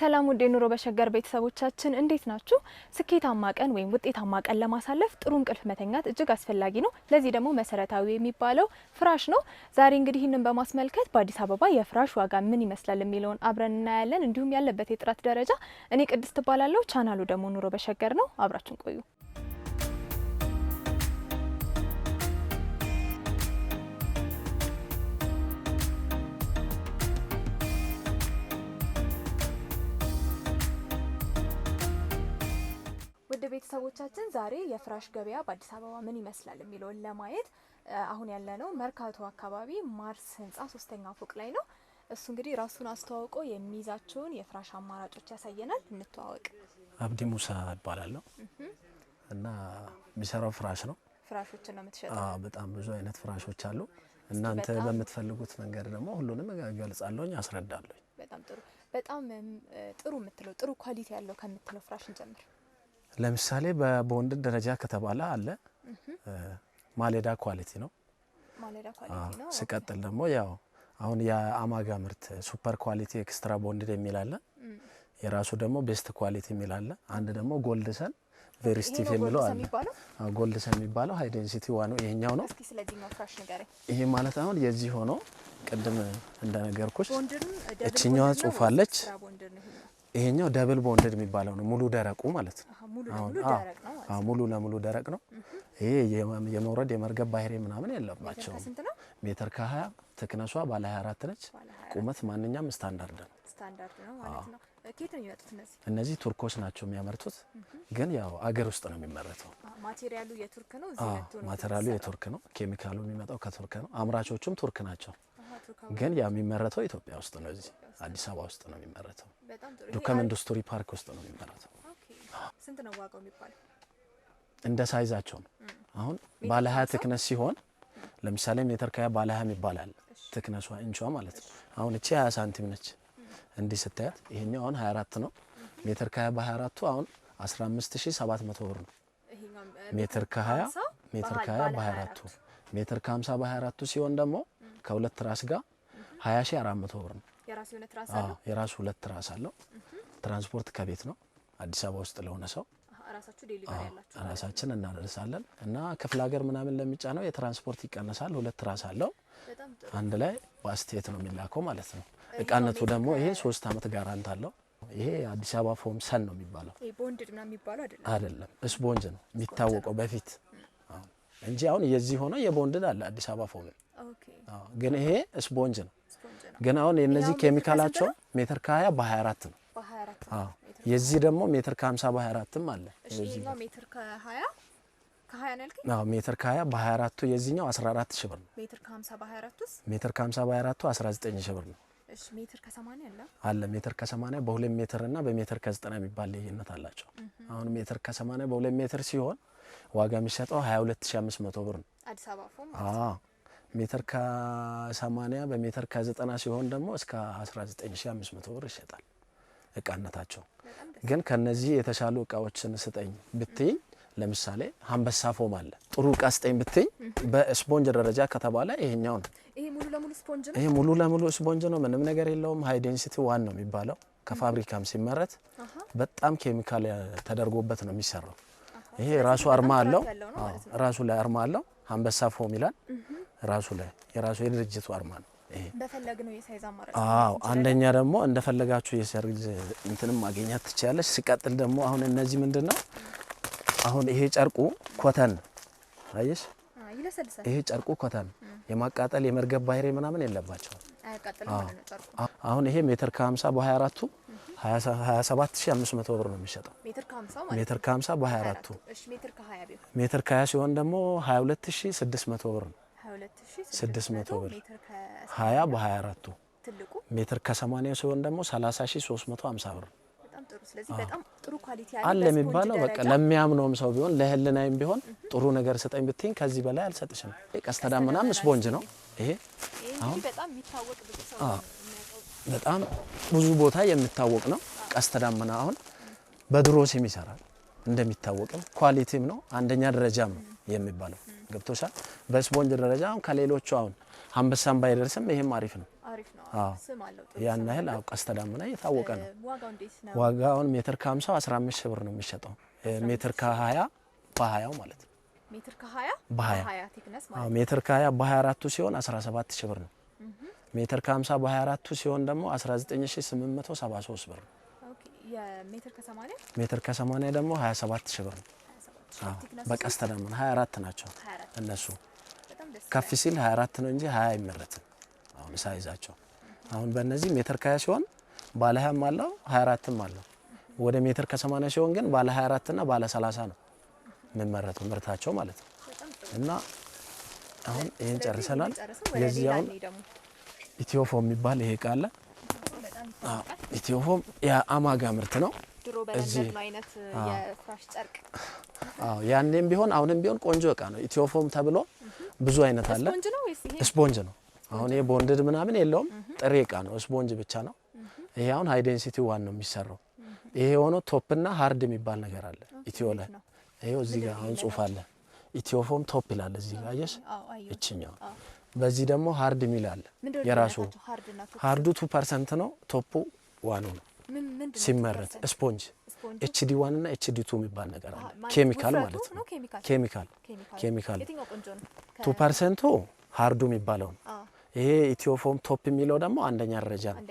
ሰላም ውዴ ኑሮ በሸገር ቤተሰቦቻችን እንዴት ናችሁ? ስኬታማ ቀን ወይም ውጤታማ ቀን ለማሳለፍ ጥሩ እንቅልፍ መተኛት እጅግ አስፈላጊ ነው። ለዚህ ደግሞ መሰረታዊ የሚባለው ፍራሽ ነው። ዛሬ እንግዲህ ይህንን በማስመልከት በአዲስ አበባ የፍራሽ ዋጋ ምን ይመስላል የሚለውን አብረን እናያለን፣ እንዲሁም ያለበት የጥራት ደረጃ። እኔ ቅድስት ትባላለሁ ቻናሉ ደግሞ ኑሮ በሸገር ነው። አብራችን ቆዩ። ቤተሰቦቻችን ዛሬ የፍራሽ ገበያ በአዲስ አበባ ምን ይመስላል የሚለውን ለማየት አሁን ያለነው መርካቶ አካባቢ ማርስ ህንፃ ሶስተኛ ፎቅ ላይ ነው። እሱ እንግዲህ ራሱን አስተዋውቆ የሚይዛቸውን የፍራሽ አማራጮች ያሳየናል። እንተዋወቅ። አብዲ ሙሳ እባላለሁ እና የሚሰራው ፍራሽ ነው። ፍራሾችን ነው የምትሸጠው? በጣም ብዙ አይነት ፍራሾች አሉ። እናንተ በምትፈልጉት መንገድ ደግሞ ሁሉንም እገልጻለሁኝ፣ አስረዳለሁኝ። በጣም ጥሩ በጣም ጥሩ የምትለው ጥሩ ኳሊቲ ያለው ከምትለው ፍራሽ እንጀምር። ለምሳሌ በቦንድድ ደረጃ ከተባለ አለ ማሌዳ ኳሊቲ ነው። ስቀጥል ደግሞ ያው አሁን የአማጋ ምርት ሱፐር ኳሊቲ ኤክስትራ ቦንድድ የሚል አለ። የራሱ ደግሞ ቤስት ኳሊቲ የሚል አለ። አንድ ደግሞ ጎልድሰን ቬሪስቲፍ የሚለው አለ። ጎልድሰን የሚባለው ሃይ ዴንሲቲ ዋኑ ይሄኛው ነው። ይሄ ማለት አሁን የዚህ ሆኖ ቅድም እንደነገርኩች እችኛዋ ጽሁፍ አለች ይሄኛው ደብል ቦንድድ የሚባለው ነው። ሙሉ ደረቁ ማለት ነው። ሙሉ ለሙሉ ደረቅ ነው። ይሄ የመውረድ የመርገብ ባህሪ ምናምን የለባቸው። ሜትር ከ20 ትክነሷ ባለ 24 ነች። ቁመት ማንኛውም ስታንዳርድ ነው። እነዚህ ቱርኮች ናቸው የሚያመርቱት፣ ግን ያው አገር ውስጥ ነው የሚመረተው። ማቴሪያሉ የቱርክ ነው። ኬሚካሉ የሚመጣው ከቱርክ ነው። አምራቾቹም ቱርክ ናቸው፣ ግን ያ የሚመረተው ኢትዮጵያ ውስጥ ነው። እዚህ አዲስ አበባ ውስጥ ነው የሚመረተው። ዱከም ኢንዱስትሪ ፓርክ ውስጥ ነው የሚመረት። ስንት ነው ዋጋው የሚባለው? እንደ ሳይዛቸው ነው። አሁን ባለ ትክነስ ሲሆን ለምሳሌ ሜትር ከያ ባለ ይባላል። ትክነሷ እንቿ ማለት ነው። አሁን እቺ 20 ሳንቲም ነች እንዲህ ስታያት። ይሄኛው አሁን 24 ነው። ሜትር ከያ በ24ቱ አሁን 15700 ብር ነው። ሜትር ከ20 ሜትር ከ በ በ24ቱ ሜትር ከ50 በ24ቱ ሲሆን ደግሞ ከሁለት ራስ ጋር 20400 ብር ነው። የራሱ ሁለት ራስ አለው። ትራንስፖርት ከቤት ነው። አዲስ አበባ ውስጥ ለሆነ ሰው ራሳችን እናደርሳለን እና ክፍለ ሀገር ምናምን ለሚጫነው የትራንስፖርት ይቀነሳል ሁለት ራስ አለው። አንድ ላይ በአስተያየት ነው የሚላከው ማለት ነው። እቃነቱ ደግሞ ይሄ ሶስት አመት ጋራንት አለው። ይሄ አዲስ አበባ ፎም ሰን ነው የሚባለው አይደለም፣ እስቦንጅ ነው የሚታወቀው በፊት እንጂ አሁን የዚህ ሆነ የቦንድን አለ አዲስ አበባ ፎም ግን ይሄ እስቦንጅ ነው። ግን አሁን የነዚህ ኬሚካላቸው ሜትር ከ20 በ24 ነው። አዎ የዚህ ደግሞ ሜትር ከ50 በ24ም አለ አዎ ሜትር ከ20 በ24ቱ የዚህኛው 14 ሺህ ብር ነው። ሜትር ከ50 በ24ቱ 19 ሺህ ብር ነው። አለ ሜትር ከ80 በ2 ሜትር እና በሜትር ከ90 የሚባል ልዩነት አላቸው። አሁን ሜትር ከ80 በ2 ሜትር ሲሆን ዋጋ የሚሸጠው 22500 ብር ነው። አዲስ አበባ ሜትር ከ80 በሜትር ከ90 ሲሆን ደግሞ እስከ 19500 ብር ይሸጣል እቃነታቸው። ግን ከነዚህ የተሻሉ እቃዎችን ስጠኝ ብትኝ ለምሳሌ አንበሳ ፎም አለ። ጥሩ እቃ ስጠኝ ብትኝ በስፖንጅ ደረጃ ከተባለ ይሄኛው ነው። ይሄ ሙሉ ለሙሉ ስፖንጅ ነው፣ ምንም ነገር የለውም። ሀይ ዴንሲቲ ዋን ነው የሚባለው። ከፋብሪካም ሲመረት በጣም ኬሚካል ተደርጎበት ነው የሚሰራው። ይሄ ራሱ አርማ አለው፣ ራሱ ላይ አርማ አለው። አንበሳ ፎም ይላል። ራሱ ላይ የራሱ የድርጅቱ አርማ ነው። አዎ አንደኛ ደግሞ እንደፈለጋችሁ የሰርግ እንትንም ማግኘት ትችላለች። ሲቀጥል ደግሞ አሁን እነዚህ ምንድን ነው አሁን ይሄ ጨርቁ ኮተን አየሽ፣ ይሄ ጨርቁ ኮተን የማቃጠል የመርገብ ባህሪ ምናምን የለባቸውም። አሁን ይሄ ሜትር ከ50 24 27500 ብር ነው የሚሸጠው። ሜትር ከ50 24 ሜትር ከ20 ሲሆን ደግሞ 22600 ብር ነው 600 ብር ሀያ በሀያ አራቱ ሜትር ከሰማኒያ ሲሆን ደግሞ ሰላሳ ሺ ሶስት መቶ 30350 ብር አለ የሚባለው። በቃ ለሚያምነውም ሰው ቢሆን ለህልናይም ቢሆን ጥሩ ነገር ስጠኝ ብትኝ ከዚህ በላይ አልሰጥሽም። ቀስተ ዳመናም ስፖንጅ ነው ይሄ። አሁን በጣም ብዙ ቦታ የሚታወቅ ነው ቀስተ ዳመና። አሁን በድሮ ሲም ይሰራል እንደሚታወቅም ኳሊቲም ነው አንደኛ ደረጃም ነው። የሚባለው ገብቶሻል። በስፖንጅ ደረጃ አሁን ከሌሎቹ አሁን አንበሳን ባይደርስም ይሄም አሪፍ ነው። ያን ያህል ቀስተ ዳመና እየታወቀ ነው። ዋጋውን ሜትር ከ50 15 ሺህ ብር ነው የሚሸጠው። ሜትር ከ20 በ20 ማለት ነው። ሜትር ከ20 በ24ቱ ሲሆን 17 ሺህ ብር ነው። ሜትር ከ50 24 ሲሆን ደግሞ 19873 ብር ነው። ሜትር ከ80 ደግሞ 27 ሺህ ብር ነው። በቀስተ ደመና 24 ናቸው እነሱ። ከፍ ሲል 24 ነው እንጂ 20 አይመረትም። አሁን ሳይዛቸው አሁን በእነዚህ ሜትር ከ20 ሲሆን ባለ 20ም አለው 24ም አለው። ወደ ሜትር ከ80 ሲሆን ግን ባለ 24 እና ባለ 30 ነው የሚመረቱ ምርታቸው ማለት ነው። እና አሁን ይሄን ጨርሰናል። የዚያውን ኢትዮፎ የሚባል ይሄ ቃለ ኢትዮፎም የአማጋ ምርት ነው። እዚህ አዎ ያኔም ቢሆን አሁንም ቢሆን ቆንጆ እቃ ነው። ኢትዮፎም ተብሎ ብዙ አይነት አለ። ስፖንጅ ነው። አሁን ይሄ ቦንድድ ምናምን የለውም፣ ጥሬ እቃ ነው። ስፖንጅ ብቻ ነው። ይሄ አሁን ሃይ ዴንሲቲ ዋን ነው የሚሰራው። ይሄ የሆነው ቶፕና ሃርድ የሚባል ነገር አለ ኢትዮ ላይ። ይሄው እዚህ ጋር አሁን ጽሁፍ አለ ኢትዮፎም ቶፕ ይላል እዚህ ጋር አየሽ፣ እችኛው በዚህ ደግሞ ሃርድ የሚል አለ የራሱ ሃርዱ ቱ ፐርሰንት ነው። ቶፑ ዋኑ ነው ሲመረት ስፖንጅ ኤችዲ ዋን እና ኤችዲ ቱ የሚባል ነገር አለ። ኬሚካል ማለት ነው። ኬሚካል ኬሚካል ቱ ፐርሰንቱ ሀርዱ የሚባለው ነው። ይሄ ኢትዮፎም ቶፕ የሚለው ደግሞ አንደኛ ደረጃ ነው።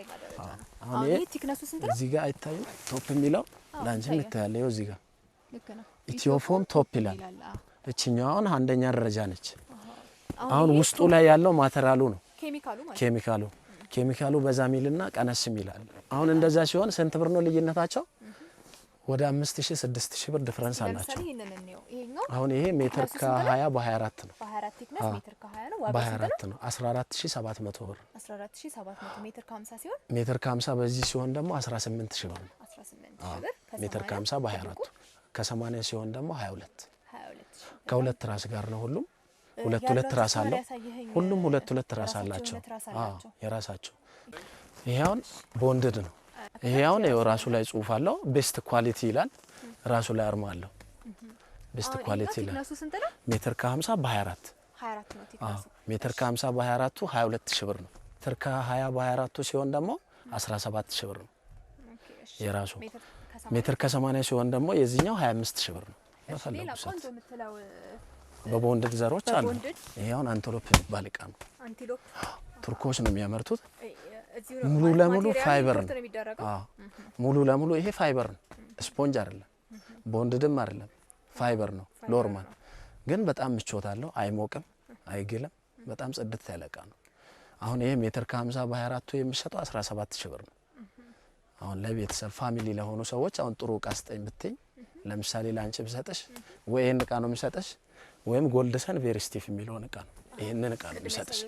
አሁን ይሄ ቲክነሱ ስንት ነው? እዚህ ጋር አይታይም። ቶፕ የሚለው ላንቺም ይታያል። ይኸው እዚህ ጋር ኢትዮፎም ቶፕ ይላል። እችኛዋ አሁን አንደኛ ደረጃ ነች። አሁን ውስጡ ላይ ያለው ማተራሉ ነው ኬሚካሉ ኬሚካሉ በዛ ሚልና ቀነስ ሚላል። አሁን እንደዛ ሲሆን ስንት ብር ነው ልዩነታቸው? ወደ 5000 6000 ብር ዲፈረንስ አላቸው። አሁን ይሄ ሜትር ከ20 በ24 ነው። በ24 ቲክነስ ሜትር ከ20 ነው። ነው 14700 ብር 14700 ሜትር ከ50 ሲሆን ከ በዚህ ሲሆን ደግሞ 18000 ብር ነው። 18000 ብር ሜትር ከ50 በ24 ከ80 ሲሆን ደግሞ 22 ከሁለት ራስ ጋር ነው። ሁሉም ሁለት ሁለት ራስ አለው። ሁሉም ሁለት ሁለት ራስ አላቸው። አዎ የራሳቸው ይሄውን ቦንድድ ነው። ይሄ አሁን ያው ራሱ ላይ ጽሁፍ አለው ቤስት ኳሊቲ ይላል። ራሱ ላይ አርማ አለው ቤስት ኳሊቲ ይላል። ሜትር ከ50 በ24 ሜትር ከ50 24 22 ሺህ ብር ነው። ሜትር ከ20 24 ሲሆን ደግሞ 17 ሺህ ብር ነው የራሱ። ሜትር ከ80 ሲሆን ደግሞ የዚህኛው 25 ሺህ ብር ነው። በቦንድድ ዘሮች አሉ። ይሄ አሁን አንቴሎፕ የሚባል እቃ ነው። ቱርኮች ነው የሚያመርቱት። ሙሉ ለሙሉ ፋይበር ነው። ሙሉ ለሙሉ ይሄ ፋይበር ነው፣ ስፖንጅ አይደለም፣ ቦንድድም አይደለም፣ ፋይበር ነው። ሎርማን ግን በጣም ምቾት አለው፣ አይሞቅም፣ አይግልም። በጣም ጽድት ያለቃ ነው። አሁን ይሄ ሜትር ከ 5 በ24 የሚሸጠው 17 ሺ ብር ነው። አሁን ለቤተሰብ ፋሚሊ ለሆኑ ሰዎች አሁን ጥሩ እቃ ስጠኝ ብትኝ፣ ለምሳሌ ለአንቺ ብሰጥሽ ወይ ይህን እቃ ነው የሚሰጥሽ ወይም ጎልድሰን ቬሪስቲፍ የሚለውን እቃ ነው ይህንን እቃ ነው የሚሰጥሽ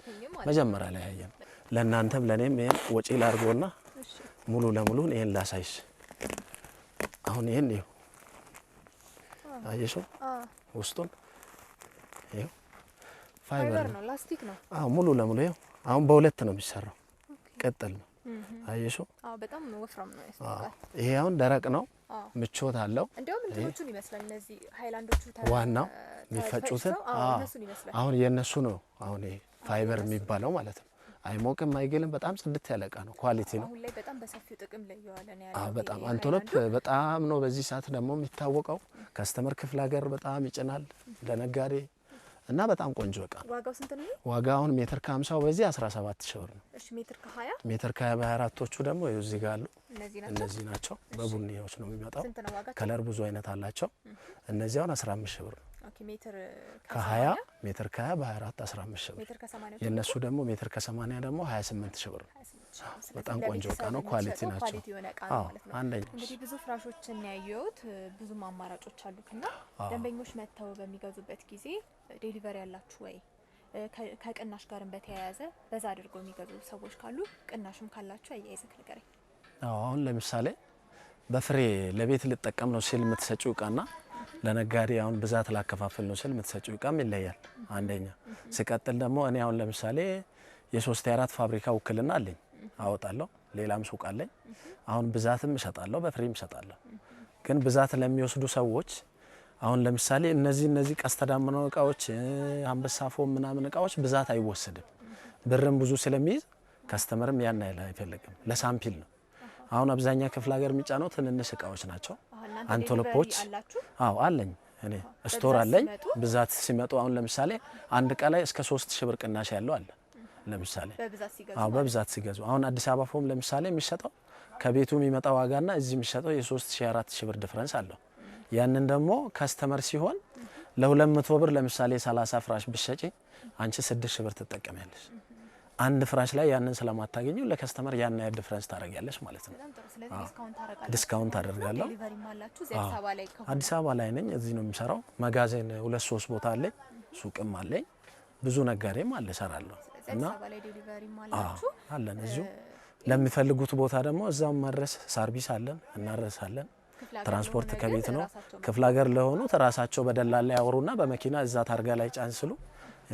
መጀመሪያ ላይ ያየ ነው። ለእናንተም ለእኔም ይህን ወጪ ላድርጎና ሙሉ ለሙሉን ይህን ላሳይሽ። አሁን ይህን ይሁ አየሽው፣ ውስጡን ይሁ ፋይበር ነው፣ ላስቲክ ነው። ሙሉ ለሙሉ ይሁ። አሁን በሁለት ነው የሚሰራው፣ ቀጥል ነው። አየሽው፣ በጣም ወፍራም ነው። ይሄ አሁን ደረቅ ነው፣ ምቾት አለው። እንዲያውም እንትኖቹን ይመስላል እነዚህ ሃይላንዶቹ ዋናው የሚፈጩትን። አሁን የእነሱ ነው። አሁን ይሄ ፋይበር የሚባለው ማለት ነው። አይሞቅም፣ አይገልም። በጣም ጽድት ያለ እቃ ነው፣ ኳሊቲ ነው። በጣም አንቴሎፕ በጣም ነው። በዚህ ሰዓት ደግሞ የሚታወቀው ከስተመር ክፍለ ሀገር በጣም ይጭናል ለነጋዴ እና በጣም ቆንጆ እቃ ነው። ዋጋው ስንት ነው? ዋጋውን ሜትር ከ50 በዚህ 17 ሺህ ብር ነው። እሺ ሜትር ከ20 ሜትር ከ በ24ቶቹ ደግሞ እዚህ ጋር አሉ። እነዚህ ናቸው። በቡኒዎች ነው የሚመጣው። ከለር ብዙ አይነት አላቸው። አሁን 15 ሺህ ብር ነው። ሜትር ከ20 በ 15 ሺህ ብር የእነሱ ደግሞ ሜትር ከ80 ደግሞ 28 ሽብር ብር በጣም ቆንጆ እቃ ነው። ኳሊቲ ናቸው። አንደኛ እንግዲህ ብዙ ፍራሾችን ያየሁት ብዙ አማራጮች አሉትና ደንበኞች መጥተው በሚገዙበት ጊዜ ዴሊቨሪ ያላችሁ ወይ ከቅናሽ ጋርም በተያያዘ በዛ አድርገው የሚገዙ ሰዎች ካሉ ቅናሽም ካላችሁ አያይዘህ ንገረኝ። አሁን ለምሳሌ በፍሬ ለቤት ልጠቀም ነው ሲል የምትሰጪው እቃና ለነጋዴ አሁን ብዛት ላከፋፍል ነው ስል የምትሰጪው እቃም ይለያል። አንደኛ ስቀጥል ደግሞ እኔ አሁን ለምሳሌ የሶስት የአራት ፋብሪካ ውክልና አለኝ አወጣለሁ። ሌላም ሱቅ አለኝ። አሁን ብዛትም እሰጣለሁ፣ በፍሬም እሰጣለሁ። ግን ብዛት ለሚወስዱ ሰዎች አሁን ለምሳሌ እነዚህ እነዚህ ቀስተዳምነው እቃዎች፣ አንበሳ ምናምን እቃዎች ብዛት አይወሰድም። ብርም ብዙ ስለሚይዝ ከስተመርም ያን አይፈልግም። ለሳምፒል ነው። አሁን አብዛኛ ክፍለ ሀገር የሚጫነው ትንንሽ እቃዎች ናቸው። አንቶሎፖች አዎ አለኝ እኔ ስቶር አለኝ። ብዛት ሲመጡ አሁን ለምሳሌ አንድ እቃ ላይ እስከ ሶስት ሺህ ብር ቅናሽ ያለው አለ። ለምሳሌ አዎ በብዛት ሲገዙ አሁን አዲስ አበባ ፎም ለምሳሌ የሚሰጠው ከቤቱ የሚመጣ ዋጋና እዚህ የሚሸጠው የሶስት ሺህ አራት ሺህ ብር ዲፍረንስ አለው። ያንን ደግሞ ከስተመር ሲሆን ለሁለት መቶ ብር ለምሳሌ ሰላሳ ፍራሽ ብሸጪ አንቺ ስድስት ሺህ ብር ትጠቀሚያለሽ። አንድ ፍራሽ ላይ ያንን ስለማታገኘው ለከስተመር ያን ያህል ዲፍረንስ ታደርጊያለሽ ማለት ነው። ዲስካውንት አደርጋለሁ። አዲስ አበባ ላይ ነኝ፣ እዚህ ነው የሚሰራው። መጋዘን ሁለት ሶስት ቦታ አለኝ፣ ሱቅም አለኝ፣ ብዙ ነጋዴም አለ እሰራለሁ እና አለን እዚሁ ለሚፈልጉት ቦታ ደግሞ እዛም ማድረስ ሰርቪስ አለን፣ እናረሳለን። ትራንስፖርት ከቤት ነው። ክፍለ ሀገር ለሆኑት ራሳቸው በደላላ ያወሩና በመኪና እዛ ታርጋ ላይ ጫን ስሉ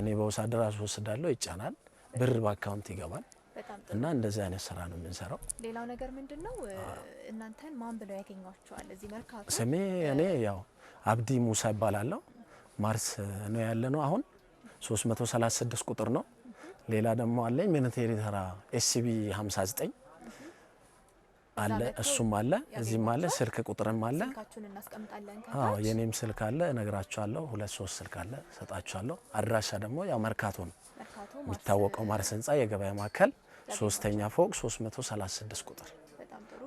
እኔ በውሳደር አስወስዳለሁ፣ ይጫናል። ብር በአካውንት ይገባል እና እንደዚህ አይነት ስራ ነው የምንሰራው። ሌላው ነገር ምንድን ነው እናንተን ማን ብለው ያገኟቸዋል? እዚህ መርካቶ ስሜ እኔ ያው አብዲ ሙሳ ይባላለሁ። ማርስ ነው ያለ ነው አሁን 336 ቁጥር ነው። ሌላ ደግሞ አለኝ ሚኒቴሪ ተራ ኤስሲቢ 59 አለ እሱም አለ እዚህም አለ ስልክ ቁጥርም አለ። አዎ የኔም ስልክ አለ እነግራችኋለሁ። ሁለት ሶስት ስልክ አለ እሰጣችኋለሁ። አድራሻ ደግሞ ያው መርካቶ ነው የሚታወቀው፣ ማርስ ህንጻ የገበያ ማዕከል ሶስተኛ ፎቅ 336 ቁጥር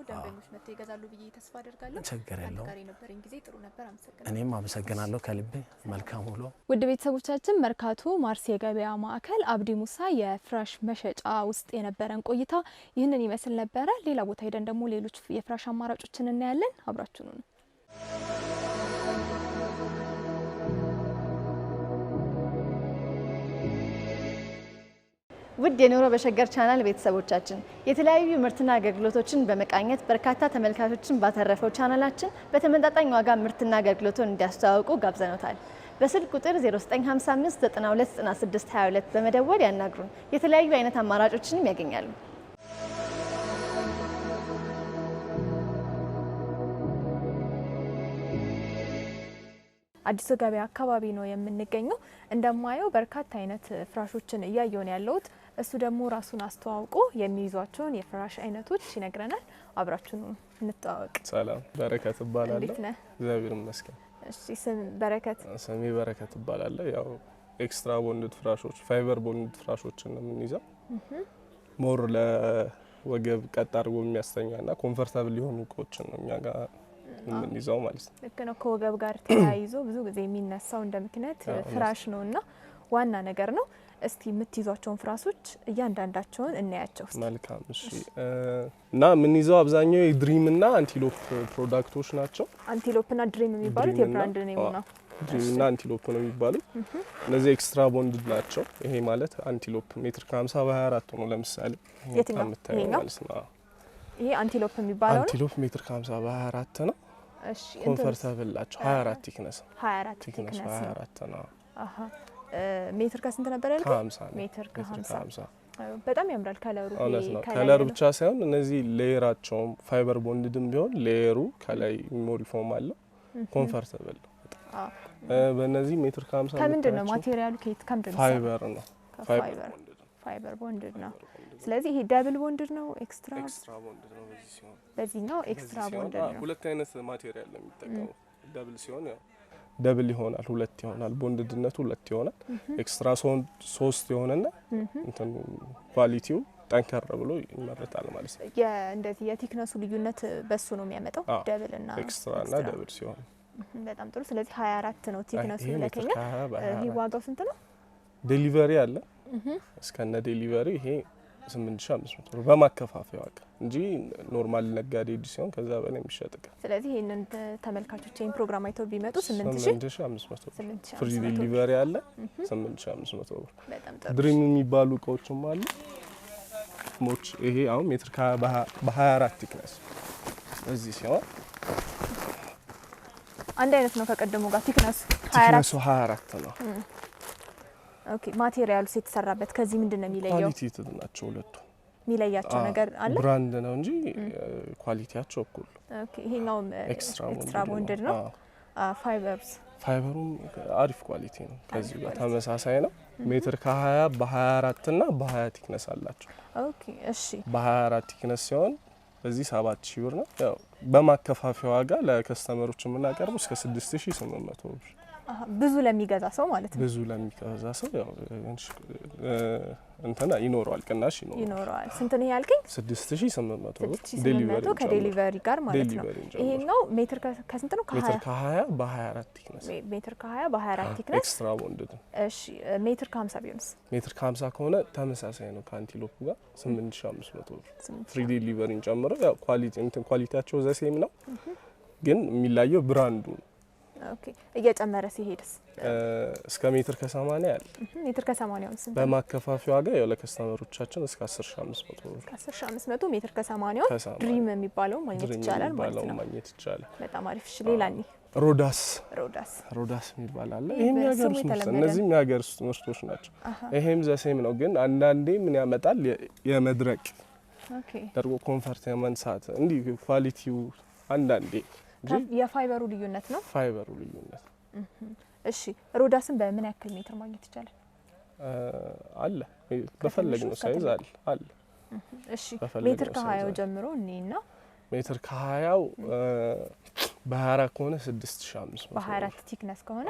ደንበኞች መጥተው ይገዛሉ ብዬ ተስፋ አደርጋለሁ። ችግር የለውም። የነበረኝ ጊዜ ጥሩ ነበር። አመሰግናለሁ። እኔም አመሰግናለሁ ከልቤ። መልካም ውሎ። ውድ ቤተሰቦቻችን፣ መርካቶ ማርስ የገበያ ማዕከል አብዲ ሙሳ የፍራሽ መሸጫ ውስጥ የነበረን ቆይታ ይህንን ይመስል ነበረ። ሌላ ቦታ ሄደን ደግሞ ሌሎች የፍራሽ አማራጮችን እናያለን። አብራችሁኑ ነው ውድ የኑሮ በሸገር ቻናል ቤተሰቦቻችን የተለያዩ ምርትና አገልግሎቶችን በመቃኘት በርካታ ተመልካቾችን ባተረፈው ቻናላችን በተመጣጣኝ ዋጋ ምርትና አገልግሎቶን እንዲያስተዋውቁ ጋብዘኖታል። በስልክ ቁጥር 0955929622 በመደወል ያናግሩን። የተለያዩ አይነት አማራጮችንም ያገኛሉ። አዲስ ገበያ አካባቢ ነው የምንገኘው። እንደማየው በርካታ አይነት ፍራሾችን እያየውን ያለሁት እሱ ደግሞ ራሱን አስተዋውቆ የሚይዟቸውን የፍራሽ አይነቶች ይነግረናል። አብራችሁን እንተዋወቅ። ሰላም በረከት እባላለሁ። እግዚአብሔር ይመስገን። እሺ ስም በረከት? ስሜ በረከት እባላለሁ። ያው ኤክስትራ ቦንድ ፍራሾች፣ ፋይበር ቦንድ ፍራሾችን ነው የምንይዘው። ሞር ለወገብ ቀጥ አድርጎ የሚያስተኛ ና ኮንፈርታብል የሆኑ እቃዎችን ነው እኛ ጋር የምንይዘው ማለት ነው። ልክ ነው። ከወገብ ጋር ተያይዞ ብዙ ጊዜ የሚነሳው እንደ ምክንያት ፍራሽ ነው እና ዋና ነገር ነው እስቲ የምትይዟቸውን ፍራሶች እያንዳንዳቸውን እናያቸው። መልካም እሺ። እና የምንይዘው አብዛኛው የድሪም እና አንቲሎፕ ፕሮዳክቶች ናቸው። አንቲሎፕ እና ድሪም የሚባሉት የብራንድ ኔሙ ነው። ድሪም እና አንቲሎፕ ነው የሚባሉት። እነዚህ ኤክስትራ ቦንድ ናቸው። ይሄ ማለት አንቲሎፕ ሜትር ከ50 በ24 ነው። ለምሳሌ ማለት ነው። ይሄ አንቲሎፕ የሚባለው አንቲሎፕ ሜትር ከ50 በ24 ነው። ኮንፈርታብል ናቸው። 24 ቲክነስ 24 ቲክነስ 24 ነው። ሜትር ከስንት ነበር ያልከው? ሜትር ከ በጣም ያምራል ከለሩ። እውነት ነው። ከለር ብቻ ሳይሆን እነዚህ ሌየራቸውም ፋይበር ቦንድድም ቢሆን ሌየሩ ከላይ ሜሞሪ ፎም አለው። ኮንፈርተብል ነው። በእነዚህ ሜትር ከ ከምንድን ነው ማቴሪያሉ? ከየት ከምንድን ነው? ፋይበር ነው። ፋይበር ቦንድድ ነው። ስለዚህ ይሄ ደብል ቦንድድ ነው። ኤክስትራ ቦንድድ ነው። በዚህ ሲሆን በዚህ ነው ኤክስትራ ቦንድድ ነው። ሁለት አይነት ማቴሪያል ነው ደብል ሲሆን ያው ደብል ይሆናል፣ ሁለት ይሆናል። ቦንድድነቱ ሁለት ይሆናል። ኤክስትራ ሶስት የሆነና እንትኑ ኳሊቲው ጠንከር ብሎ ይመረታል ማለት ነው። እንደዚህ የቲክነሱ ልዩነት በሱ ነው የሚያመጣው ኤክስትራ ኤክስትራና ደብል ሲሆን በጣም ጥሩ። ስለዚህ 24 ነው ቲክነሱ ለከኛ። ይሄ ዋጋው ስንት ነው? ዴሊቨሪ አለ እስከነ ዴሊቨሪ ይሄ ስምንት ሺህ አምስት መቶ ብር በማከፋፈያ ዋጋ እንጂ ኖርማል ነጋዴ እጅ ሲሆን ከዛ በላይ የሚሸጥ እቃ። ስለዚህ ይህንን ተመልካቾች ይህን ፕሮግራም አይተው ቢመጡ ስምንት ሺህ አምስት መቶ ብር ፍሪ ዲሊቨሪ አለ። ስምንት ሺህ አምስት መቶ ብር ድሪም የሚባሉ እቃዎችም አሉ። ሞች ይሄ አሁን ሜትር በሀያ አራት ቲክነስ እዚህ ሲሆን አንድ አይነት ነው ከቀደሙ ጋር ቲክነሱ ቲክነሱ ሀያ አራት ነው። ኦኬ ማቴሪያሉስ የተሰራበት ከዚህ ምንድን ነው የሚለየው? ኳሊቲ ናቸው ሁለቱ። የሚለያቸው ነገር አለ? ብራንድ ነው እንጂ ኳሊቲያቸው እኩል። ኦኬ ይሄኛው ኤክስትራ ቦንድድ ነው። ፋይበርስ ፋይበሩም አሪፍ ኳሊቲ ነው። ከዚህ ጋር ተመሳሳይ ነው። ሜትር ከ20 በ24 እና በ20 ቲክነስ አላቸው። ኦኬ እሺ። በ24 ቲክነስ ሲሆን በዚህ 7000 ብር ነው። ያው በማከፋፈያ ዋጋ ለከስተመሮች የምናቀርቡ እስከ 6800 ብር ብዙ ለሚገዛ ሰው ማለት ነው። ብዙ ለሚገዛ ሰው ያው እንትና ይኖረዋል፣ ቅናሽ ይኖረዋል። ስንት ነው ያልከኝ? 6800 ዴሊቨሪ ከዴሊቨሪ ጋር ማለት ነው። ይሄኛው ሜትር ከስንት ነው? ሜትር ከ20 በ24 ቲክነስ ሜትር ከ20 በ24 ቲክነስ ኤክስትራ ቦንድ ነው። እሺ ሜትር ከ50 ቢሆንስ? ሜትር ከ50 ከሆነ ተመሳሳይ ነው ከአንቲሎፕ ጋር 8500 ብር ፍሪ ዴሊቨሪን ጨምሮ ያው ኳሊቲ እንትን ኳሊቲያቸው ዘሴም ነው፣ ግን የሚለየው ብራንዱ ነው እየጨመረ ሲሄድስ እስከ ሜትር ከሰማንያ ያለ ሜትር ከሰማንያውን ስንት በማከፋፊ ዋጋ ያው ለከስተመሮቻችን እስከ አስር ሺ አምስት መቶ ብር አስር ሺ አምስት መቶ ሜትር ከሰማንያውን ድሪም የሚባለው ማግኘት ይቻላል ማለት ነው። ማግኘት ይቻላል። በጣም አሪፍ። እሺ ሌላ ኒ ሮዳስ ሮዳስ ሮዳስ የሚባል አለ። ይሄም የሀገር ውስጥ ምርት እነዚህም የሀገር ውስጥ ምርቶች ናቸው። ይሄም ዘሴም ነው፣ ግን አንዳንዴ ምን ያመጣል የመድረቅ ደርቆ ኮንፈርት የመንሳት እንዲህ ኳሊቲው አንዳንዴ የፋይበሩ ልዩነት ነው። ፋይበሩ ልዩነት እሺ። ሮዳስን በምን ያክል ሜትር ማግኘት ይቻላል? አለ በፈለግነው ሳይዝ አለ አለ። እሺ ሜትር ከሀያው ጀምሮ እኔና ሜትር ከሀያው በ24 ከሆነ 6500 በ24 ቲክነስ ከሆነ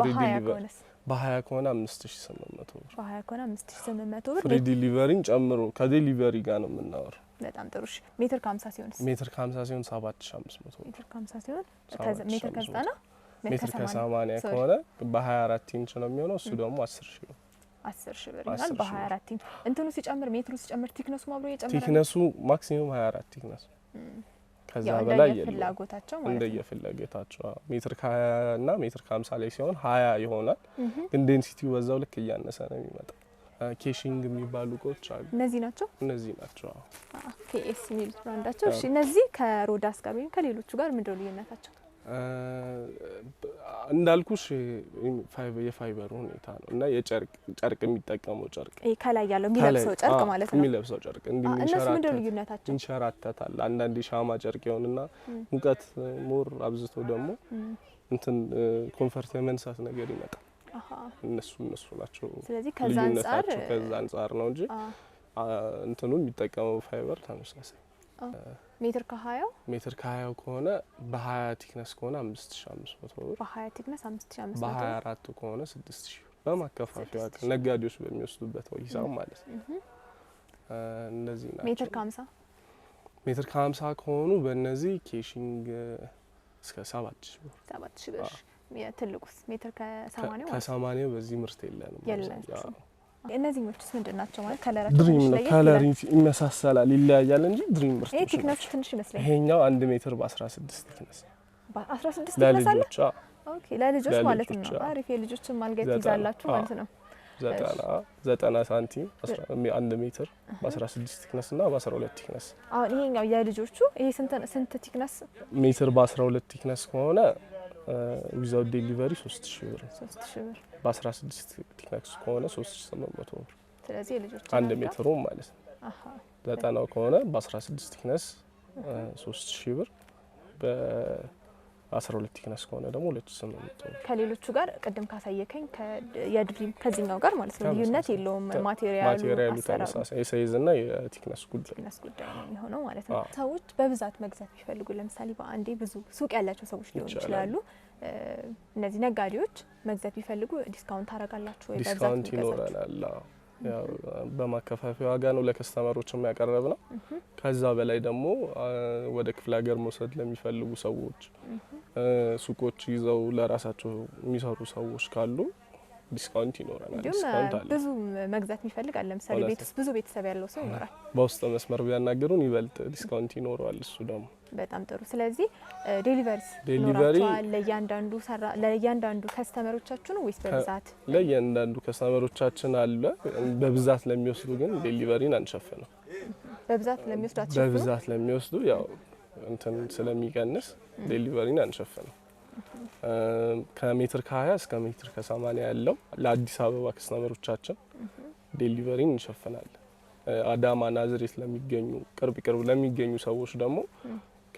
በ20 ከሆነስ በሀያ ከሆነ አምስት ሺ ስምንት መቶ ብር በሀያ ከሆነ አምስት ሺ ስምንት መቶ ብር ፍሪ ዲሊቨሪን ጨምሮ ከዴሊቨሪ ጋር ነው የምናወራው በጣም ጥሩ። እሺ ሜትር ከ50 ሲሆን ሜትር ከ50 ሲሆን 7500 ሜትር ከ50 ሲሆን ሜትር ከ ሜትር ከ ከሆነ በ24 ኢንች ነው የሚሆነው። እሱ ደግሞ 10 ሺ ነው። 10 ሺ ብር ይሆናል በ24 ኢንች። እንትኑ ሲጨምር ሜትሩ ሲጨምር ቲክነሱ ማብሮ ይጨምራል። ቲክነሱ ማክሲመም 24 ቲክነሱ ከዛ በላይ የለም። ፍላጎታቸው ማለት እንደየ ፍላጎታቸው ሜትር ከ እና ሜትር ከ ላይ ሲሆን 20 ይሆናል። ግን ዴንሲቲው በዛው ልክ እያነሰ ነው የሚመጣው ኬሽንግ uh, የሚባሉ እቃዎች አሉ። እነዚህ ናቸው እነዚህ ናቸው ኬኤስ ah, የሚል ብራንዳቸው። እሺ እነዚህ ከሮዳስ ጋር ወይም ከሌሎቹ ጋር ምንድነው ልዩነታቸው? Uh, እንዳልኩሽ የፋይበር ሁኔታ ነው እና የጨርቅ ጨርቅ የሚጠቀመው ጨርቅ ከላይ ያለው የሚለብሰው ጨርቅ ማለት ነው። የሚለብሰው ጨርቅ ah, እንዲንሸራተታል። አንዳንድ የሻማ ጨርቅ የሆንና ሙቀት ሞር አብዝቶ ደግሞ እንትን ኮንፈርት uh, የመንሳት ነገር ይመጣል። እነሱ እነሱ ናቸው። ስለዚህ ከዛ አንጻር ከዛ አንጻር ነው እንጂ እንትኑ የሚጠቀመው ፋይበር ተመሳሳይ ሜትር ከሀያው ሜትር ከሀያው ከሆነ በሀያ ቲክነስ ከሆነ አምስት ሺ አምስት መቶ ብር በሀያ ቲክነስ አምስት ሺ አምስት መቶ በሀያ አራቱ ከሆነ ስድስት ሺ በማከፋፈያ ነጋዴዎች በሚወስዱበት ሂሳብ ማለት ነው። እነዚህ ናቸው። ሜትር ከሀምሳ ሜትር ከሀምሳ ከሆኑ በእነዚህ ኬሽንግ እስከ ሰባት ሺ ብር ሰባት ሺ ብር የትልቁስ ሜትር ከሰማኒው ከሰማኒው በዚህ ምርት የለንም እነዚህ ምርቶች ምንድን ናቸው ማለት ከለራቸው ድሪም ነው። ከለር ይመሳሰላል ይለያያል እንጂ ድሪም ምርት ይሄ ቲክነሱ ትንሽ ይመስላል። ይሄኛው አንድ ሜትር በ16 ቲክነስ በ16 ቲክነስ ኦኬ ለልጆች ማለት ነው። አሪፍ የልጆችን ማልጋ ይዛላችሁ ማለት ነው። ዘጠና ዘጠና ሳንቲም አንድ ሜትር በአስራ ስድስት ቲክነስ እና በአስራ 12 ቲክነስ። አሁን ይሄኛው የልጆቹ ይሄ ስንት ቲክነስ ሜትር በ ሁለት ቲክነስ ከሆነ ዊዛውት ዴሊቨሪ 3000 ብር 3000 ብር በ16 ቲክናክስ ከሆነ 3800 ብር። ስለዚህ ልጆች አንድ ሜትሩ ማለት ነው። አሃ ዘጠናው ከሆነ በ16 ቲክነስ 3000 ብር በ አስራ ሁለት ቲክነስ ከሆነ ደግሞ ሁለቱ ስም ነው ከሌሎቹ ጋር ቅድም ካሳየከኝ የድሪም ከዚህኛው ጋር ማለት ነው ልዩነት የለውም። ማቴሪያሉ ተመሳሳይ፣ የሳይዝ ና የቲክነስ ጉዳይ ነው የሚሆነው ማለት ነው። ሰዎች በብዛት መግዛት ቢፈልጉ ለምሳሌ በአንዴ ብዙ ሱቅ ያላቸው ሰዎች ሊሆኑ ይችላሉ። እነዚህ ነጋዴዎች መግዛት ቢፈልጉ ዲስካውንት ታደርጋላችሁ ወይ? ዲስካውንት ይኖረናል በማከፋፈያ ዋጋ ነው ለከስተመሮችም ያቀረብ ነው። ከዛ በላይ ደግሞ ወደ ክፍለ ሀገር መውሰድ ለሚፈልጉ ሰዎች ሱቆች ይዘው ለራሳቸው የሚሰሩ ሰዎች ካሉ ዲስካውንት ይኖረናል። ዲስካውንት ብዙ መግዛት የሚፈልግ አለ። ለምሳሌ ቤት ውስጥ ብዙ ቤተሰብ ያለው ሰው ይኖራል። በውስጥ መስመር ቢያናገሩን ይበልጥ ዲስካውንት ይኖረዋል እሱ ደግሞ በጣም ጥሩ። ስለዚህ ዴሊቨሪስ ኖራቸዋል ለእያንዳንዱ ለእያንዳንዱ ከስተመሮቻችን ወይስ በብዛት? ለእያንዳንዱ ከስተመሮቻችን አለ። በብዛት ለሚወስዱ ግን ዴሊቨሪን አንሸፍነው። በብዛት ለሚወስዱ አትሸፍኑ። በብዛት ለሚወስዱ ያው እንትን ስለሚቀንስ ዴሊቨሪን አንሸፍነው። ከሜትር ከ20 እስከ ሜትር ከ80 ያለው ለአዲስ አበባ ከስተመሮቻችን ዴሊቨሪን እንሸፍናለን። አዳማ፣ ናዝሬት ለሚገኙ ቅርብ ቅርብ ለሚገኙ ሰዎች ደግሞ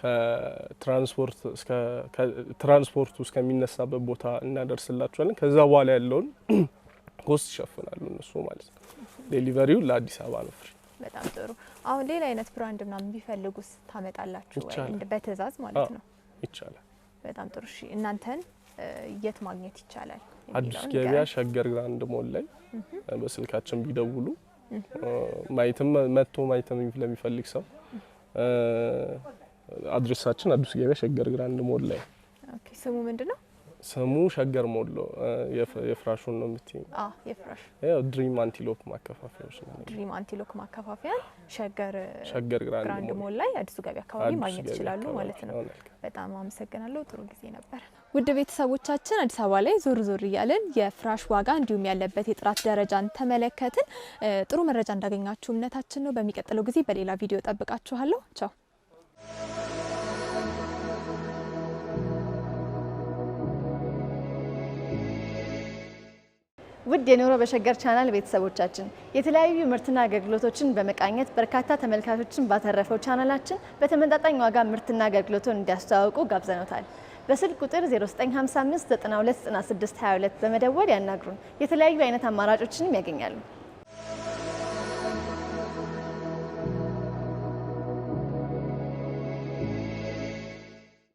ከትራንስፖርቱ እስከሚነሳበት ቦታ እናደርስላቸዋለን። ከዛ በኋላ ያለውን ኮስት ይሸፍናሉ እነሱ ማለት ነው። ዴሊቨሪው ለአዲስ አበባ ነው ፍሪ። በጣም ጥሩ። አሁን ሌላ አይነት ብራንድ ምናምን ቢፈልጉስ ታመጣላችሁ በትእዛዝ ማለት ነው? ይቻላል። በጣም ጥሩ። እሺ እናንተን የት ማግኘት ይቻላል? አዲስ ገበያ ሸገር ግራንድ ሞል ላይ በስልካችን ቢደውሉ ማየትም መጥቶ ማየትም ለሚፈልግ ሰው አድሬሳችን አዲስ ገበያ ሸገር ግራንድ ሞል ላይ። ኦኬ ስሙ ምንድነው? ስሙ ሸገር ሞል ነው። የፍራሹን ነው የምትይኝ? አዎ የፍራሽ ያው ድሪም አንቲሎክ ማከፋፈያዎች ነው። ድሪም አንቲሎክ ማከፋፈያ ሸገር ሸገር ግራንድ ሞል ላይ አዲሱ ገበያ አካባቢ ማግኘት ይችላሉ ማለት ነው። በጣም አመሰግናለሁ። ጥሩ ጊዜ ነበር። ውድ ቤተሰቦቻችን አዲስ አበባ ላይ ዞር ዞር እያለን የፍራሽ ዋጋ እንዲሁም ያለበት የጥራት ደረጃን ተመለከትን። ጥሩ መረጃ እንዳገኛችሁ እምነታችን ነው። በሚቀጥለው ጊዜ በሌላ ቪዲዮ ጠብቃችኋለሁ። ቻው ውድ የኑሮ በሸገር ቻናል ቤተሰቦቻችን የተለያዩ ምርትና አገልግሎቶችን በመቃኘት በርካታ ተመልካቾችን ባተረፈው ቻናላችን በተመጣጣኝ ዋጋ ምርትና አገልግሎቶን እንዲያስተዋውቁ ጋብዘኖታል። በስልክ ቁጥር 0955929622 በመደወል ያናግሩን። የተለያዩ አይነት አማራጮችንም ያገኛሉ።